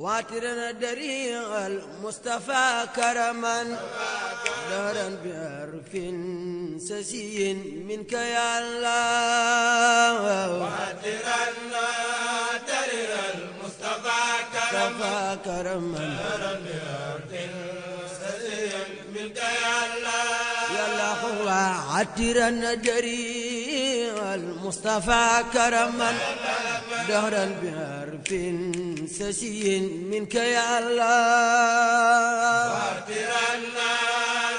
واترنا دريغ المصطفى كرما دهرا بعرف سسي منك يا الله واترنا دريغ المصطفى كرما كرما دهرا بعرف سسي منك يا الله يا الله واترنا دريغ المصطفى كرما دهرا بحرف سسي منك يا الله وارترنا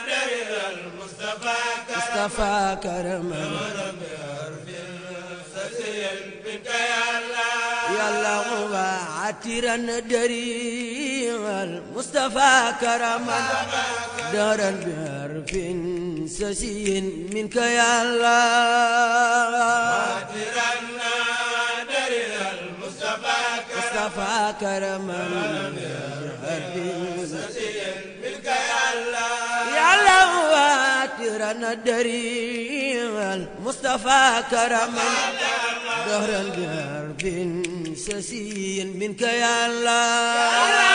درر المصطفى كرما مصطفى كرما دهرا بحرف سسي منك يا الله يا الله وعترا درير المصطفى كرما دهرا بحرف سسي منك يا الله وارترنا كفى كرما منك يا الله يا الله واترنا الدريع المصطفى كرما دهر القرب سسي منك يا الله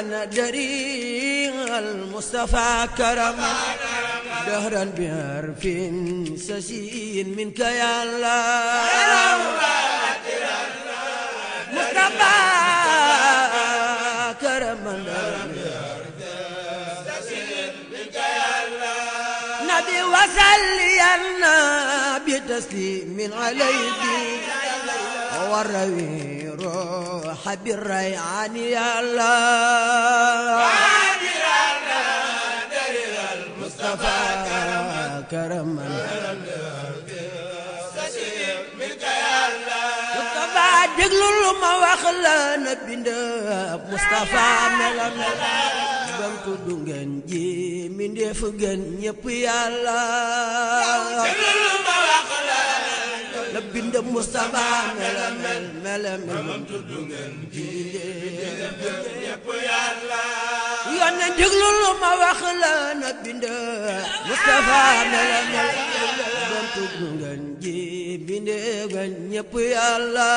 دهرا دريغ المصطفى كرما دهرا بحرف سسي منك يا الله مصطفى كرما نبي وسلينا بتسليم عليك وروي صاحب الريعان يا الله المصطفى كرما كرما مصطفى دجلو ما وخلا نبند مصطفى ملم بام تودو ngeen ji mi ndef ngeen ñepp yàlla la bind Moustapha mela mel mela mel yoon na déglu lu ma wax la na bind Moustapha mela mel doon tudd ngeen ji bindee ba ñëpp yàlla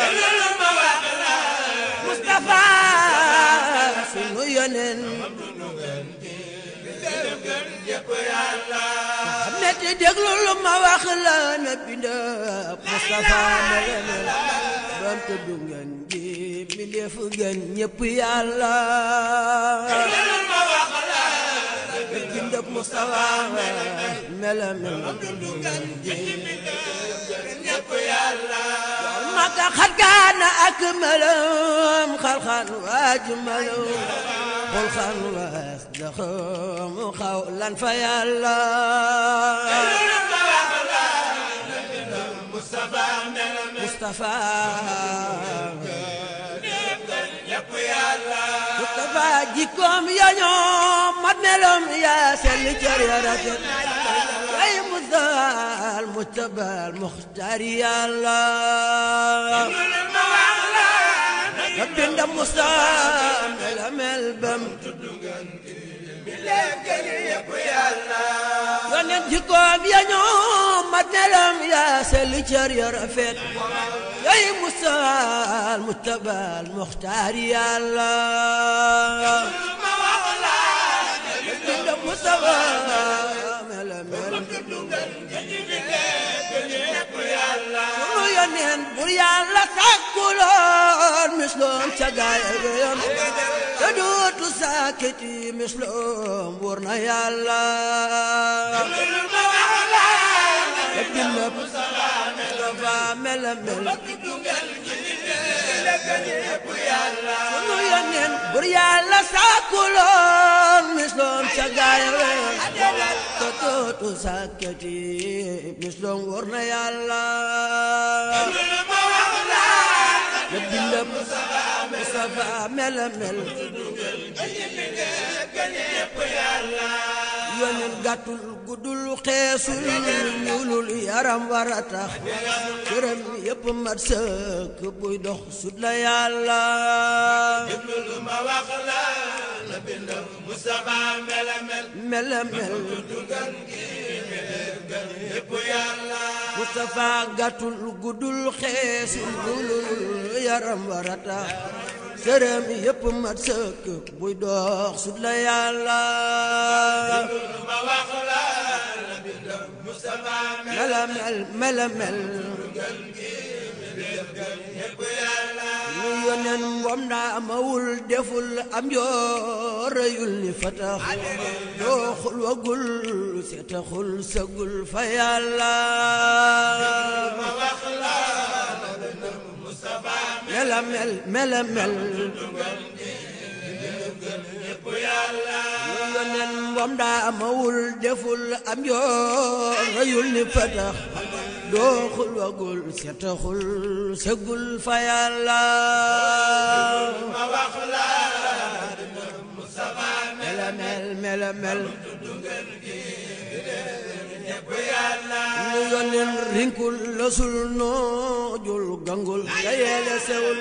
déglu lu ma wax la Moustapha sunu yoneen te déglu lu ma wax la na bind Moustapha ma leen la doom tudd ngeen ji mi def ngeen ñëpp yàlla bindab Moustapha melam maka xat قل خل واخدهم قولا فيا الله مصطفى مصطفى مصطفى جيكم يا يوم مدنلهم يا سل يا رجل اي مصطفى المجتبى المختار يا الله bindam mustaan mel amel bam tudd ngan mi leef gëli yëpp yàlla yonent jikkoom ya ñoom mat nelam yaa sell cër ya rafet yay mustaal mutabal muxtaar yàlla bindam mustaan yónneen bur yàlla sàkkuloon misloom ca gaaya yoon te dootu sàkkiti misloom wóor na yàlla te bind ba fa mela mel sunu yónneen bur yàlla sàkkuloon misloom ca gaayam ka tootu sàkkati misloom wóor na yàlla la bindam Mustafa mel mel yonen gàttul guddul xeesul ñuulul yaram war a tax këram yépp mat sëkk buy dox sut la yàlla déglul ma wax yaram war këram yépp mat sëkk buy dox sut la yàlla mela mel mela mel ñu yónneen moom ni fataxul dooxul wagul seetaxul sagul fa yàlla mela mel mela mel yonen moom daa amawul deful am yoon rëyul ni fatax dooxul wagul setaxul sëggul fa yàlla mela mel mela mel ñu yonen rinkul lësul noojul gangul nga yeele sewul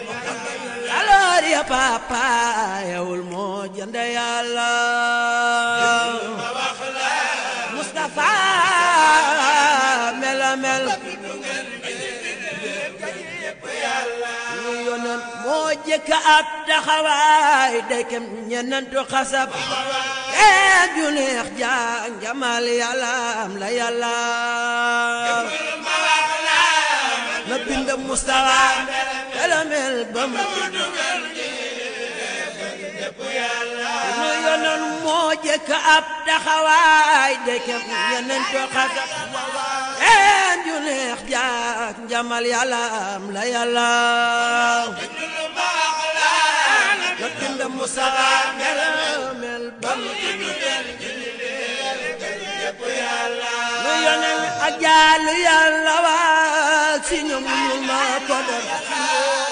aloor ya papa moo jënde yàlla Mustafa mela mel ñu yonen moo jëkka ab taxawaay day kem ñenentu xasab ee juneex jaan jamal yalaam la yalaam na binda mustawa telemel ba ma nu yonon moo jëkk ab taxawaay deke yeneen to xasa ee juneex jaan jamal yalaam la yalaam na binda mustawa telemel lu yoneen ak jaalu yàlla waa si ñoom ñu ma ko def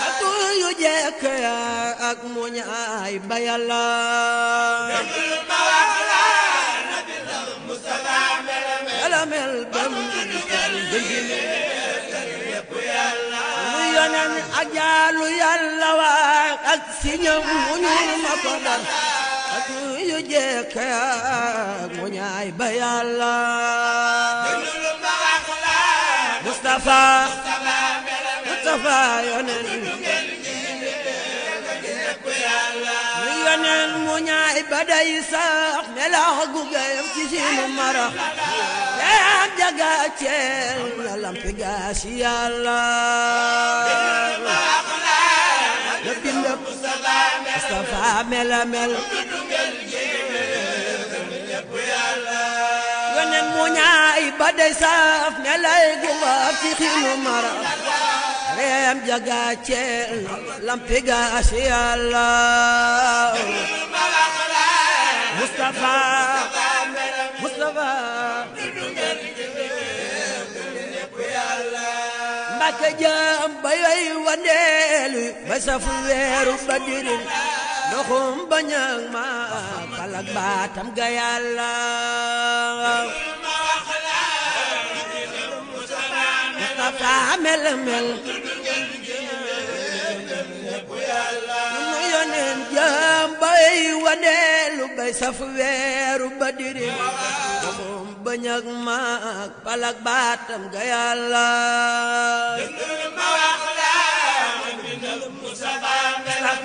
ak yu jekk yaa ak mu ñaay ba yàlla mel bam lu yoneen ak jaalu yàlla waa ak si ñoom ñu ma ko def ak yu jekk ak mu ñaay ba yàlla dundul ma wax la Moustapha Moustapha yonen mu yonen mu ñaay ba day sax melax gu gayam ci siinu marax yaam jaga ceel la lampi gaasi yàlla Mustafa mela mel yonen mu ñaay ba dey saaf melay gumba fi xinu mara reem jaga ceel lampi gaas yàlla Mustafa Mustafa Mbàkke jëm ba yooy wandeelu ba saf weeru ba dirin loxoom bañ ak ma xal ak baatam ga yàlla Mustafa mel mel nu yoneen jaam bay wane lu bay saf weeru badiri loxoom bañ ak ma baatam ga yàlla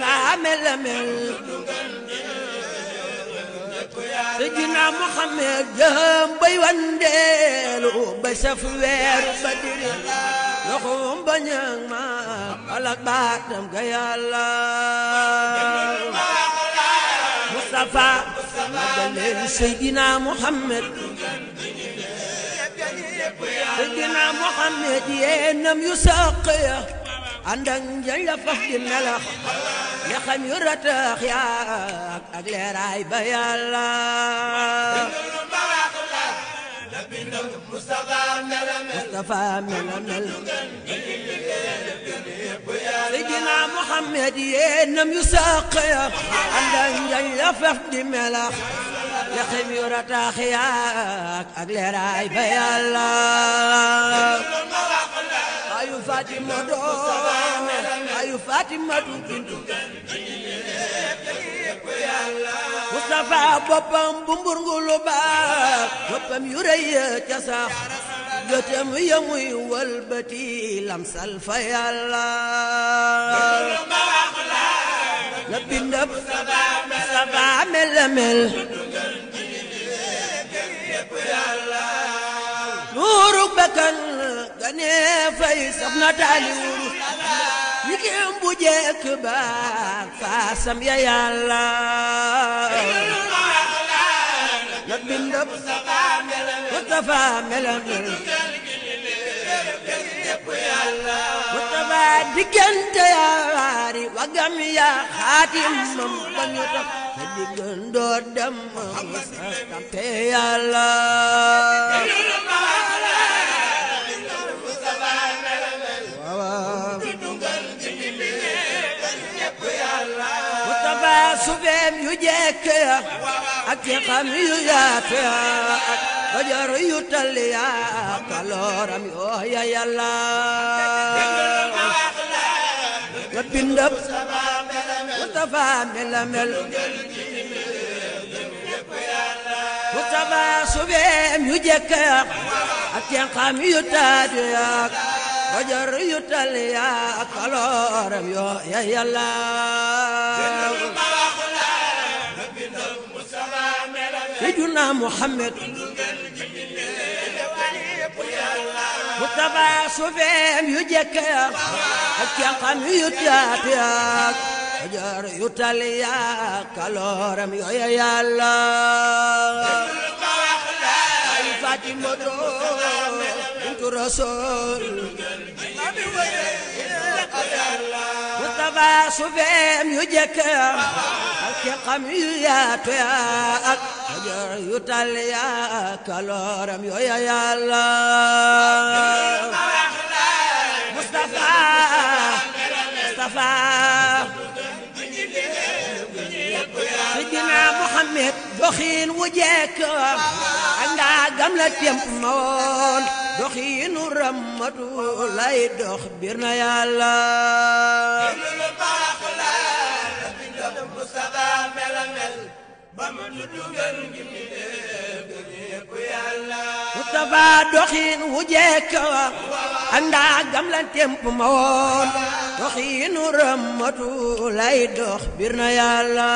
naa mel mel Seydina Muhammad jëm bay wandeelu bay saf weeru ba diri loxoom ba ñëng ma alak baatam ga yàlla Mustafa magaleel Seydina Muhammad Seydina Muhammad yeenam yu saq ya ànd ak njañ la faf di melax li xam yu ratax yaa ak leeraay ba yàlla Mustafa mela mel Seydina Muhammad yéenam yu sàq ya ànd ak njañ la fef di melax li xam yu ratax yaa ak leeraay ba yàlla ayu Fatima doo ayu Fatima du bintu Mustafa boppam bu mburngulu baax boppam yu rëy ca sax ya muy wëlbati lamsal fa yàlla la bindab Mustafa mel la mel nuurug bakkan ganee fay saf na taali wurus ni ki am bu jekk ba faasam ya yàlla na bindab Mustafa melam Mustafa diggante yaa waari wagam yaa xaatim mam ba ñu tax te diggandoo dem tam te yàlla yéem yu subeem yu jekk ak ci yu taatu ya fajar yu talli ya kalooram yoo ya yàlla سيدنا محمد متبع سفيم يجكك الكقم يتاتيك حجر يتلياك الهرم يا يا الله الفاتمة انت رسول متبع سفيم يجكك الكقم يتاتيك ajar yu tal yaa ah, kalooram yooya yàlla Mustafa Mustafa Sidina Muhammad doxiin wu jekk anga gam la temp ma woon doxiinu ramatu lay dox bir na yàlla ba mu tudd gën gi mi def gën yëpp doxiin wu jekk wa andaa gam la temp ma woon lay dox bir na yàlla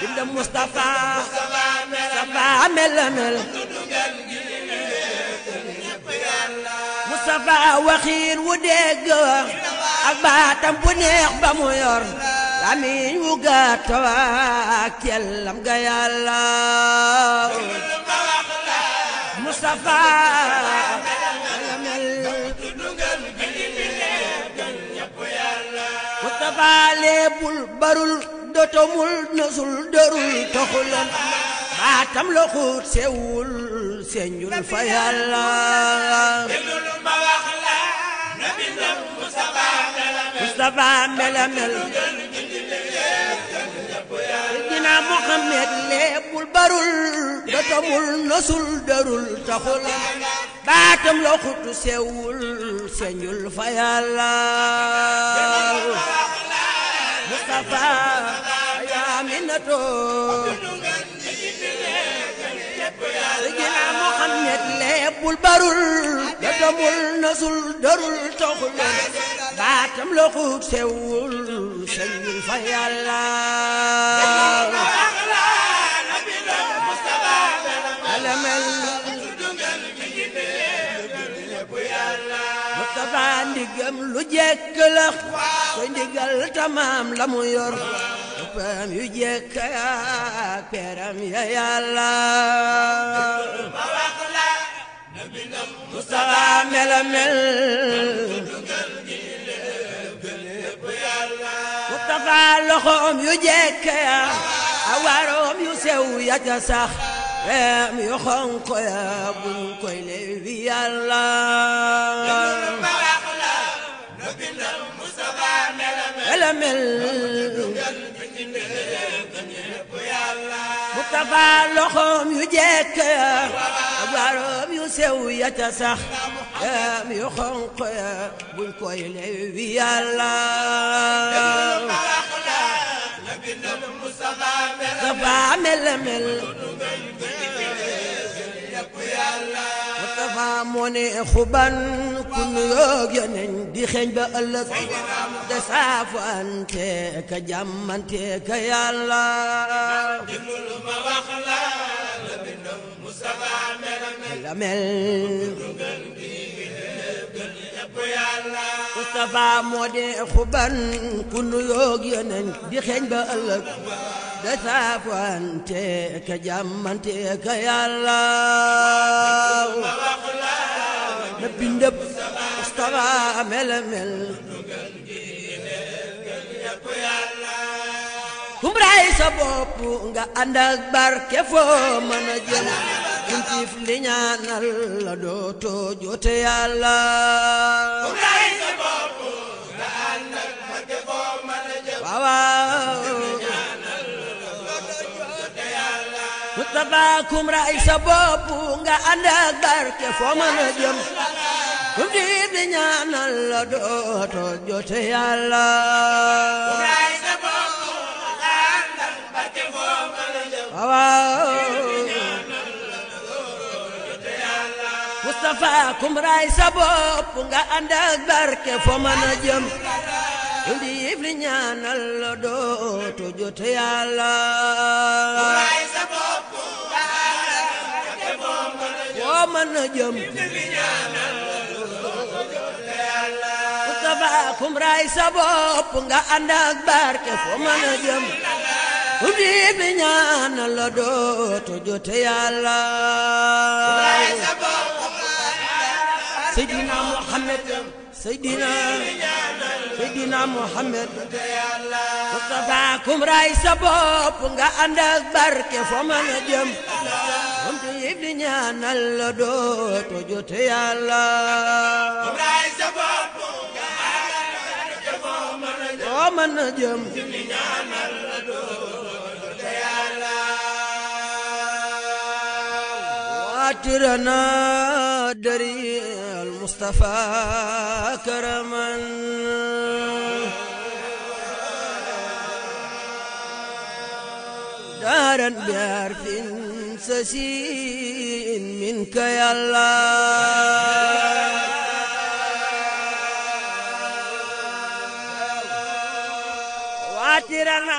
binda Mustafa Mustafa mel la mel Mustafa waxiin wu dégg wa ak baatam bu neex ba mu yor lamiñ wu gàtt waa kellam ga yàlla Mustafa baale bul barul dotomul nasul dërul taxulan baatam la sewul señul fa yàlla déglul melamel Muhammad leebul barul dotomul nosul darul taxul baatam la xutu sewul señul fa yàlla Mustafa yaa minato Seydina Muhammad leebul barul dotomul nosul darul taxul baatam la xutu sewul sëñ bi fa yàlla Mustafa ndigam lu jekk la te ndigal tamaam la mu yor ëppam yu jekk ak peram ya yàlla Mustafa mel mel awa loxoom yu jekk ya awaroom yu sew ya ca sax reem yu xonq ya buñ koy lewi yàlla mel Mustafa loxoom yu jekk ya baroom yu sew ya ca sax am yu xonq ya buñ koy lewi yàlla dafa mel mel dafa moo ne xuban ku nuyoog yoneen di xeeñ ba ëllëg de saafante ka jàmmante ka yàlla ma wax la la mel Mustafa moo di xuban ku nuyoog yeneen di xeeñ ba ëllëg da saafante ka jàmmante ka yàlla na bindëb Mustafa mel mel kumbraay sa bopp nga ànd ak barke foo mën a jëm kun ciif li ñaanal la dootoo joote yàlla ku nay sa bopp nga ànd ak mag foo mën a jëm waawaaw Mustafa kum ray sa bopp nga ànd ak barke foo mën a jëm kun ciif li ñaanal la dootoo joote yàlla waaw Moustapha kum raay sa bopp nga ànd ak barke fo mën a jëm lu diif li ñaanal la dootu jot yàlla fo mën a jëm Moustapha kum raay sa bopp nga ànd ak barke fo mën a jëm lu diif li ñaanal la dootu jot yàlla Seydina Muhammad Seydina Seydina Muhammad Mustafa kum raay sa bopp nga ànd ak barke foo mën a jëm moom di yib di ñaanal la dootoo jote yàlla foo mën a jëm عطرنا دري المصطفى كرما دارا بعرف سسي منك يا الله واترنا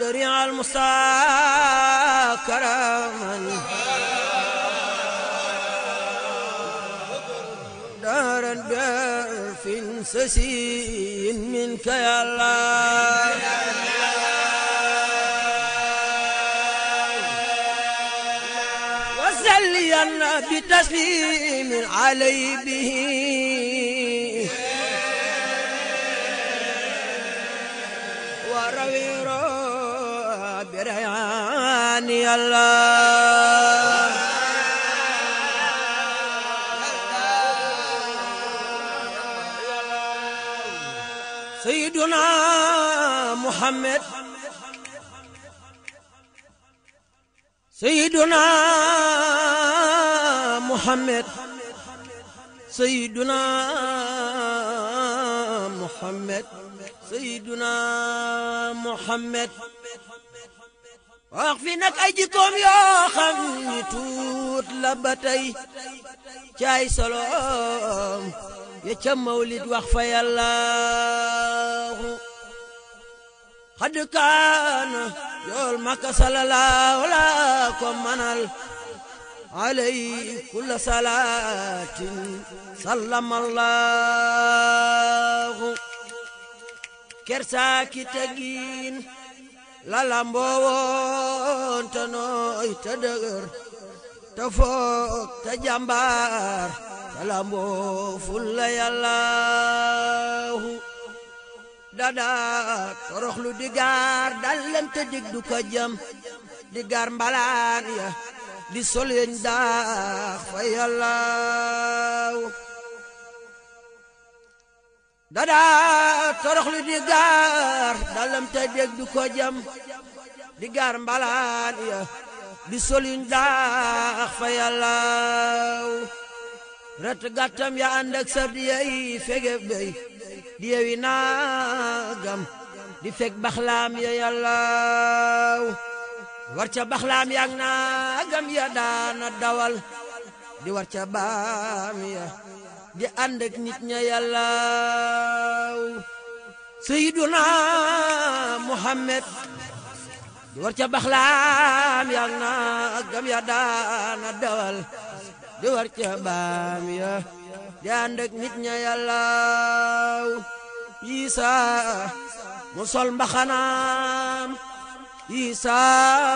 دريع المصطفى كرما منسسي منك يا الله وسليا بتسليم علي به وروي بريان الله muhammad sayyiduna muhammad sayyiduna muhammad sayyiduna wax fi nag ay jikkoom yoo xam ni tuut la ba caay soloom ya ca mawlid wax fa yàlla xadd kaana yool makka salalaaw laa ko manal alay kulla salaatin sallamallahu kersaaki tegiin la lamboo te nooy te dëgër te foog te jàmbaar te lamboo fulla yallaahu dada toroxlu di gaar dallem te dig du ko jëm di gaar mbalaan ya di sol yeñ daax fa yàllaaw dada toroxlu di gaar dallem te dig du ko jëm di gaar mbalaan ya di sol yeñ daax fa yàllaaw ret gàttam ya ànd ak sardiya yi fege bey di yewi naagam di fekk baxlaam ya yàllaaw war ca baxlaam yaag naagam ya daana dawal di war ca baam ya di ànd ak nit ña yàllaaw sayyiduna muhammad di war ca baxlaam yaag naagam ya daana dawal di war ca baam ya yànd ak nit ña yàllaaw Isa mu sol mbaxanaam Isa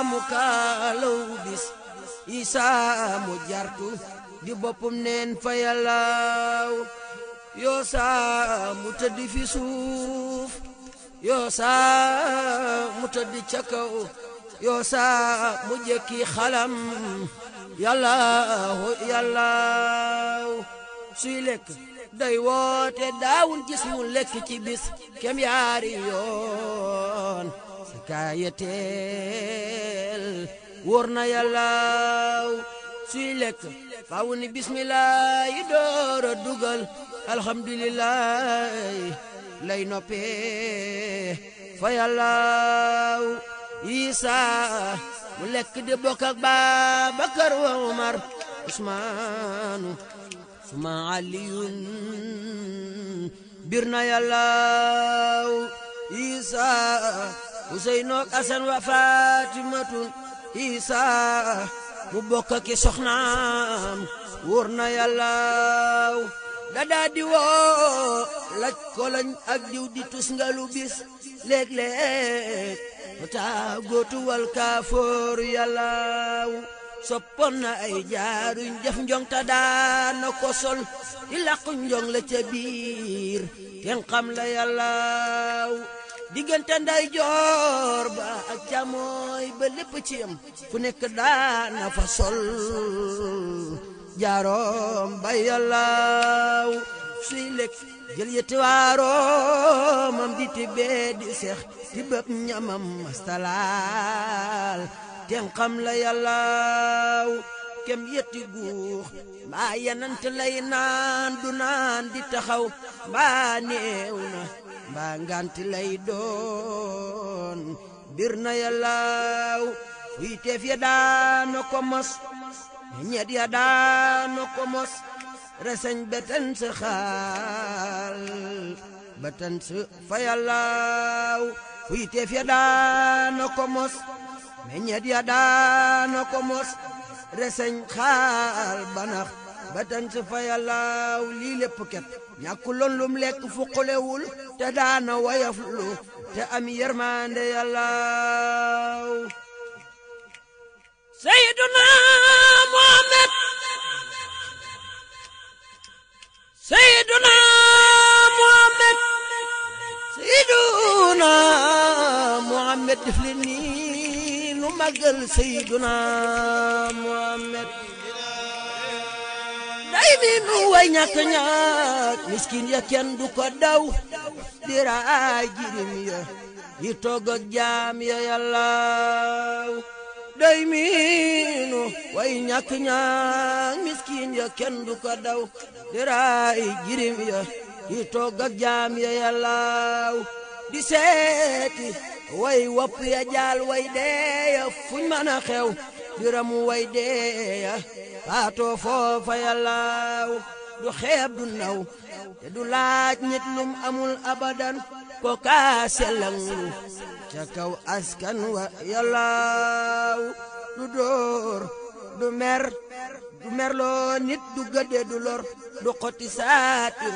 mu kaalaw bis Isa mu jartu di boppum neen fa yàllaaw Yoosa mu tëdd fi suuf Yoosa mu tëdd ca kaw Yoosa mu jekki xalam yàllaaw yàllaaw suy lekk day woote daawun gis mu lekk ci bis kem yaari yoon sa kaayateel wóor na yàllaaw suy lekk faaw ni bismillah yi door a dugal alhamdulillah lay noppee fa yàllaaw Isaa mu lekk di bokk ak Babakar wa Umar Usmaanu suma aliyun bir na yàllaaw isa useynook asan wa fatimatun isa mu bokk soxnaam wóor na yàllaaw woo laj koloñ ak diw di tusngalu bis léeg-léeg ta kaafoor yàllaaw soppoon na ay jaaruñ jëf njong ta daana ko sol di làqu njong la ca biir ten xam la yàllaaw diggante nday joor ba ak ba lépp ci yam fu nekk daana fa sol jaaroom ba yàllaaw suy lekk jël yëti waaroomam di tibbee di seex di bëpp ñamam mastalaal tenxam la yàllaaw kem yetti guux mbaa yenant lay naan du naan di taxaw mbaa néew na mbaa nganti lay doon bir na yàllaaw fuy teef ya daana ko mos ñet ya daana ko mos reseñ beten sa xaal beten sa fa yàllaaw fuy teef ya daana ko mos meññet ya daana ko mos reseñ xaal banax ba tan sa fa yàllaaw lii lépp ket ñàkkuloon lum lekk fuqulewul te daana wayaflu te am yërmande yàllaaw Seyduna Muhammad Seyduna Muhammad Seyduna Muhammad def leen nii màggal Seyduna Muhammad day mi way ñàkk ñàkk miskin ya kenn du ko daw di raay jirim ya yi togg jaam ya yàllaaw day way ñàkk ñàkk miskin ya kenn du ko daw di raay jirim ya yi togg jaam ya yàllaaw di seeti way wopp ya jaal way deeya fuñ mën a xew biramu way deeya faatoo foofa ya laaw du xeeb du naw te du laaj nit lum amul abadan ko kaase langu ca kaw askan wa ya laaw du door du mer du merloo nit du gëdde du lor du xoti saatir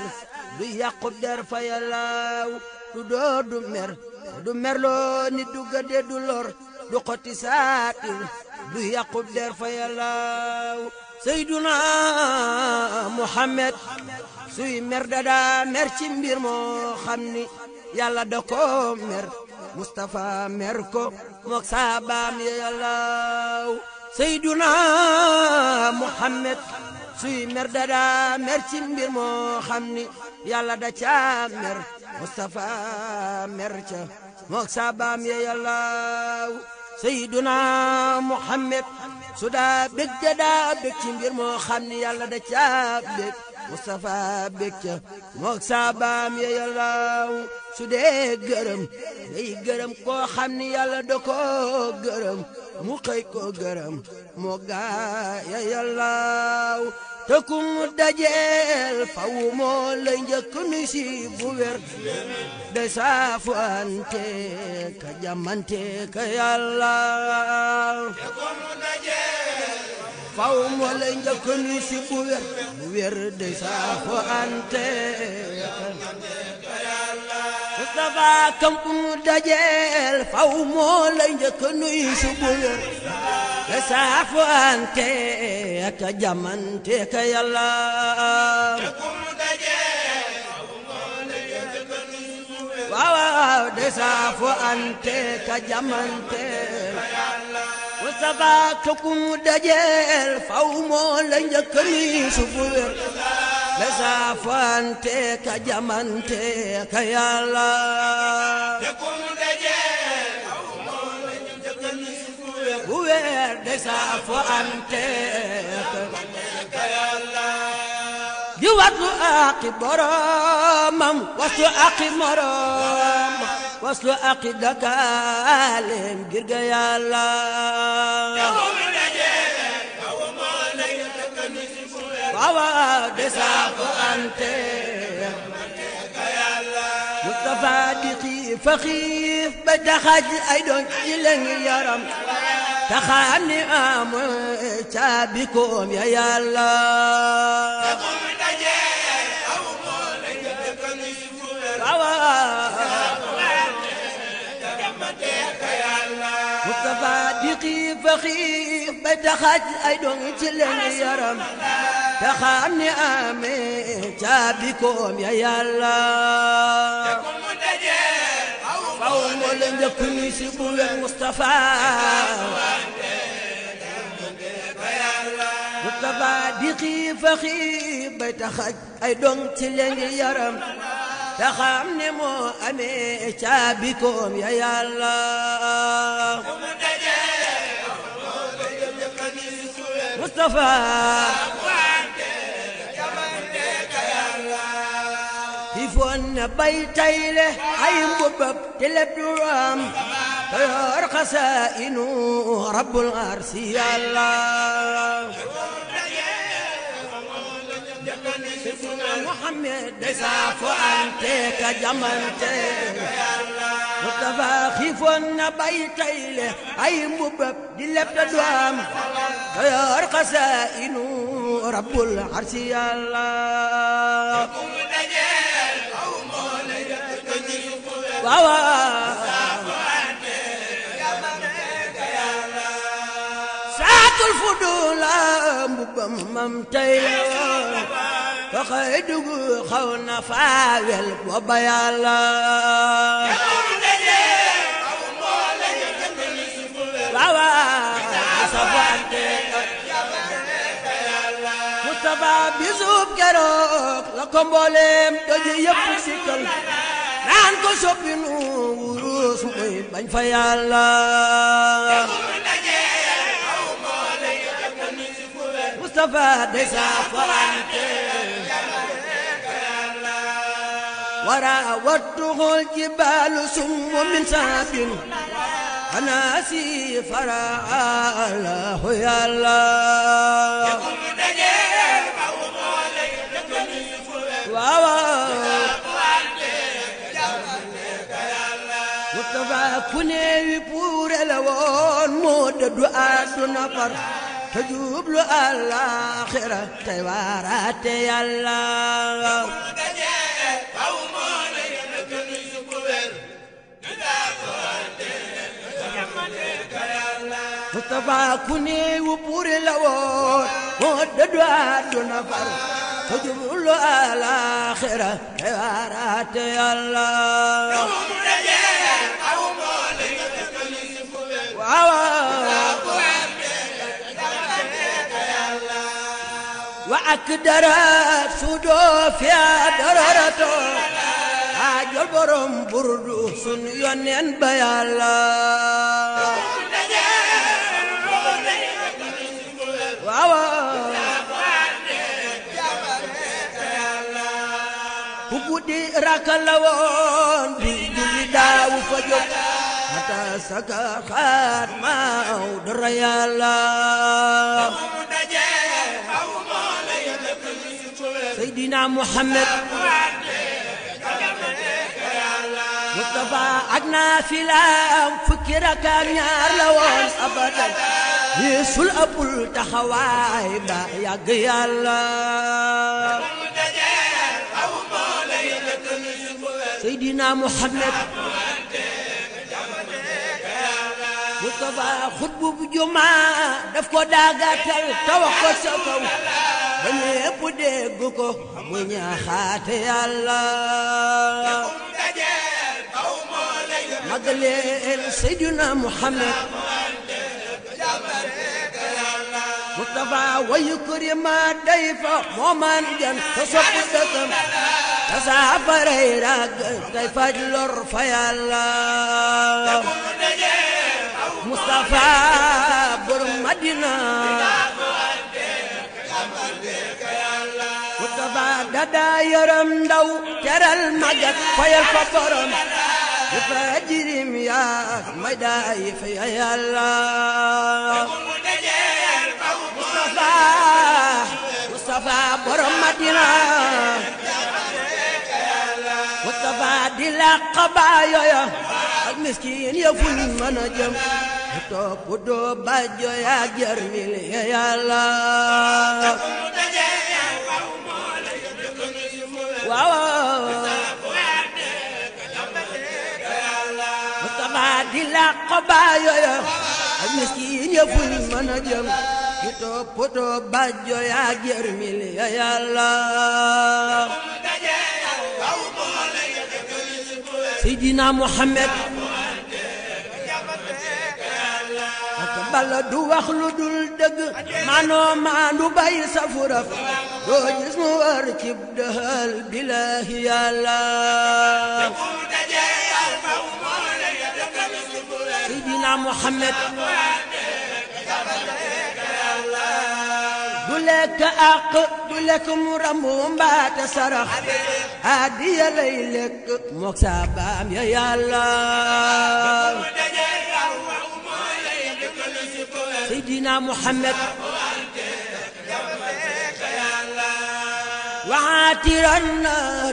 du yàqu der fa ya du door du mer du merloo nit du gëdde du lor du xotti saatir du yàqub der fa yàllaaw sayduna muhammad suy mer dada mer ci mbir moo xam ni yàlla da ko mer mustafa mer ko mook saabaam ya yàllaaw sayduna muhammad suy mer dada mer ci moo xam ni yàlla da caa mer Mustafa merca mook saabaam ya yàllaaw Seyduna Muhammad su daa bég ja daa bég ci mbir moo xam ni yàlla da caa bég Mustafa bég ca mook saabaam ya yàllaaw su dee gërëm day gërëm koo xam ni yàlla da koo gërëm mu xëy koo gërëm moo gaa ya yàllaaw te mu dajeel faw moo la njëkk nu si bu wér de saafu ante ka jamante ka yàlla te ku moo la njëkk nu si bu wér bu wér de saafu ante Moustapha kam mu dajeel faw moo lay njëkk nuyu subu wér te saafu ante ak a jamante ka yàlla waaw waaw de saafu ante ka jamante Moustapha kam mu dajeel faw moo lay njëkk nuyu subu wér la saafante ka jamante ka yàlla te ku mu dajeel bu weer de saafante ka yàlla di watlu aqi boromam waslu aqi morom waslu aqi dakaaleem ngir ga yàlla awa desaa ko ante Mustafa di xiif fa xiif ba jaxaj ay doon ci leng yaram taxaani amu caabi koom ya yàlla Mustafa di xiif fa xiif ba jaxaj ay doon ci leng yaram te xam ni amee caabi koom ya yàlla. te ku mu dajeel. faw mu la njëkk ni si bu wér Moustapha. Moustapha di xiifa xiif bay taxaj ay dong ci lengi yaram. te xam ni moo amee caabi koom ya yàlla. Moustapha. na bay tayle ay mbubab te lépp du am te yor xasaa'inu rabbul arsi yàlla محمد دسافو أنت كجمنت مصطفى خيفون بيت إليه أي مبب دلب تدوام خيار قسائن رب العرش الله mam tey la ko xëy dugg xaw na faawel booba yàlla waawa safante Mustafa bisub keroog la ko mbooleem doji yëpp sikkal naan ko soppi nu wurus muy bañ fa yàlla Mustafa day saafarante wara wattu xool jibaalu summu min saabin ana si fara allahu yàlla waaw dëddu àdduna far te jublu àllaaxira tey waaraate yàlla Mustafa ku néewu buuri la woon moo dëddu àdduna far te jublu àllaaxira tey waaraate yàlla أكدر سودو فيا دررتو حاجل برم بردو سن يونين بيالا Bukudi rakalawon, bukudi dawu fajok. ata saka xaat maaw dara yàlla Seydina Muhammad Mustafa ak naafilaam fukki rakaam ñaar la woon abadan yeesul abul taxawaay ba yàgg yàlla Seydina Muhammad Mustafa xutbu bu juma daf ko daagatal te wax ko sa kaw ba ñépp dégg ko mu ñaaxaate Mustafa wayu kurima day fa moomaan jan te sopp dëkkam te saafaray rag tey faj fa yàlla Mustafa borom Madina Mustafa dada yaram ndaw fayal fa borom dafa jirim yaa may daay fa yàlla Mustafa di la xaba yooya ak ya fu topp doo bàjjo yaa jar mi li yàlla waaw Mustafa di la ko bàyyoya ak miskin ya fu ñu mën a jëm ki topp doo bàjjo yaa jar mi li yàlla Seydina Muhammad balla du dul dëgg manoo maandu bay safuraf doo gis mu war cib dëhal billahi yàlla sidina muhammad du lekk àq du lekk mu rambu mbaate sarax adiya lay lekk mook saabaam ya yàlla سيدنا محمد وعاترا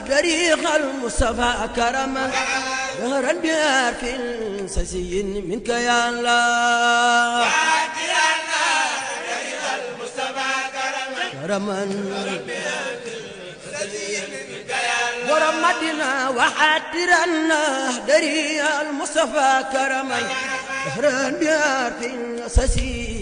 طريق المصطفى كرما ظهرا بحرف سسي منك يا الله كرما ورمتنا وحاترنا دري المصطفى كرما ظهرا بحرف سسي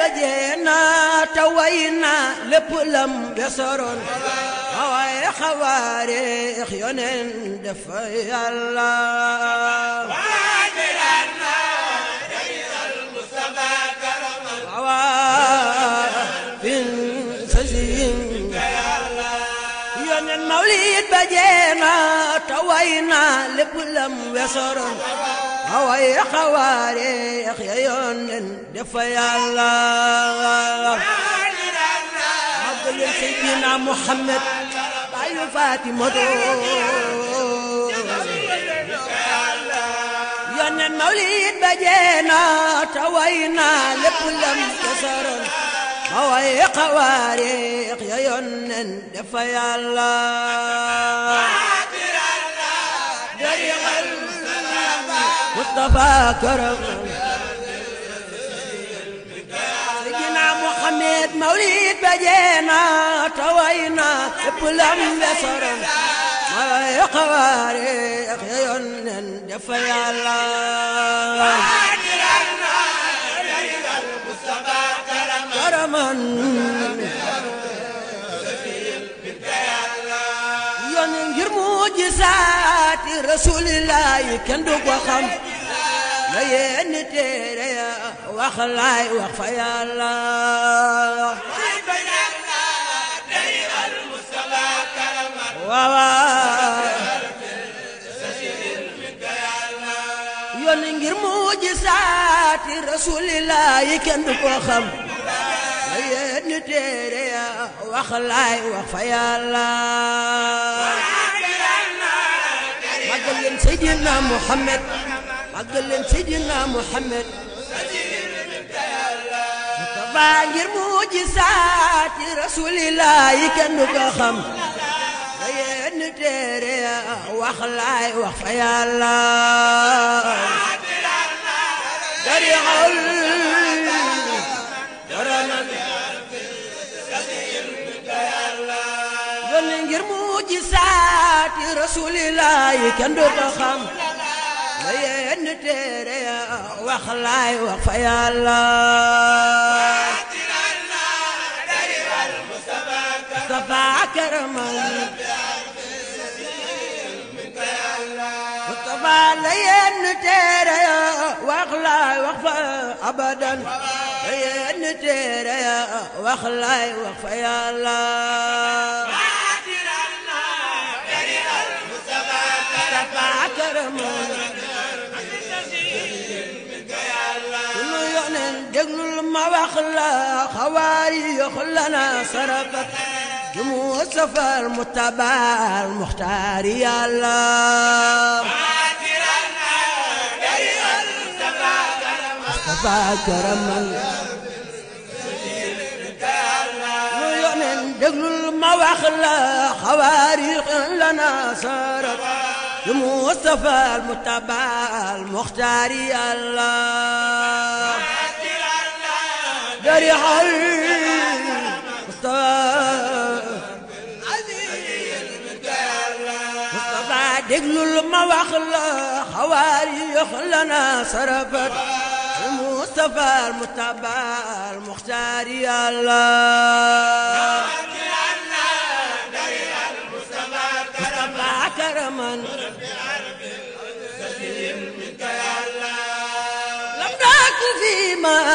dajeena te way na lépp lam besoroon waaye xawaarix yoneen dafa yàlla yoneen mawlid ba jeena te way na lépp lam besoroon away xawaarix ya yoonen dafa yàlla magalel seydina Muhammad bayu Fatimatu yoonen mawlid ba jeena tawayna lépp lam kasaroon away xawaarix ya yoonen dafa yàlla Mustafa Karam Sidina Muhammad mawlid ba jeena tawayna lépp lam wesoron ma yo xawaare ak yoon nen dafa yàlla karaman yoon ngir mu gisaa rasulillahi kenn du ko la yéeni téere ya wax laay wax fa yàlla waawaa yoon ngir mujisaati rasulillahi kenn du ko la yéeni téere ya wax wax fa yàlla Seydina Muhammad màggal leen Seydina Muhammad baa ngir mujisaati rasuulillaahi kenn du ko xam da yenn téere wax laay wax fa yàlla dari xawl salaati rasuulillaahi kenn du ko xam la yéen téere wax laay wax fa yàlla Mustafa karaman Mustafa la yéen téere wax laay wax fa abadan la yéen téere wax laay wax fa yàlla ma wax la xawaay yox lana sarafat ju mu safar mu tabaal muxtaari yàlla Mustafa karamal mu yonen déglul ma wax la xawaari lana sarafat ju mu safar mu tabaal muxtaari yàlla شريح المصطفى مصطفى دقلوا لما وخلا خواريخ لنا صرفت المصطفى المتبع المختار يا الله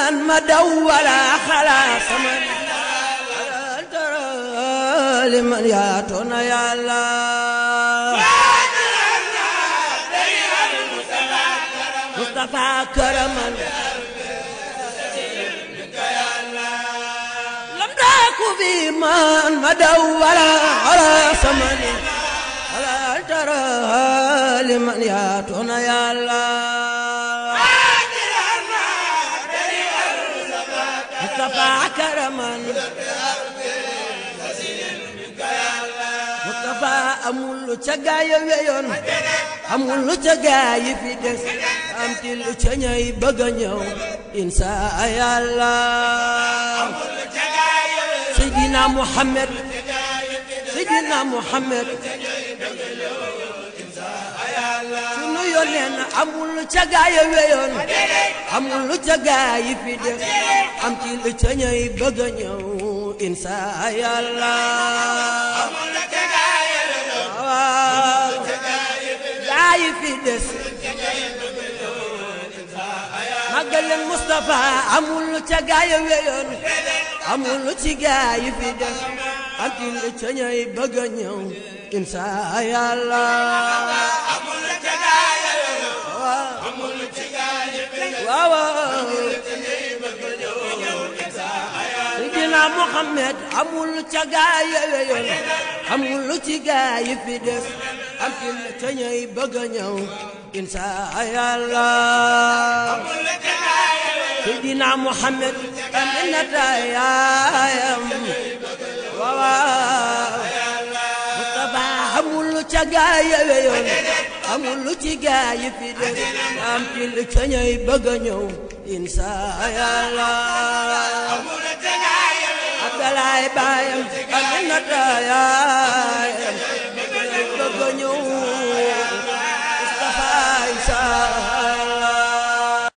naan ma daw wala xalaat sama li man yaatoo na yàlla Mustafa karaman lam daa ku bi man ma daw wala xalaat sama li man yaatoo na yàlla lu ca gaay ya weyoon amul lu ca gaay yi fi des am ci lu ca ñay bëgg a ñëw insa yàlla Seydina Muhammad Seydina Muhammad sunu yoneen amul lu ca gaay ya weyoon amul lu ca gaay yi fi des am ci lu ca ñay bëgg a ñëw insa yàlla yi fi des màggal leen Moustapha amul lu ca gaa yi weyoon amul lu ci gaa yi fi des am ci lu ca ñay bëgg a ñëw insa yàlla amul lu ca gaa yi weyoon amul lu ci gaa yi fi des waaw amul lu ca ñay bëgg a ñëw insa yàlla Seydina Muhammad amul lu ca gaa yi weyoon amul lu ci gaa yi fi des am il te ñay bëgg insa yàlla am inna lu ca gaa yewe lu ci am il te ñay bëgg insa yàlla Abdalaay baayam am inna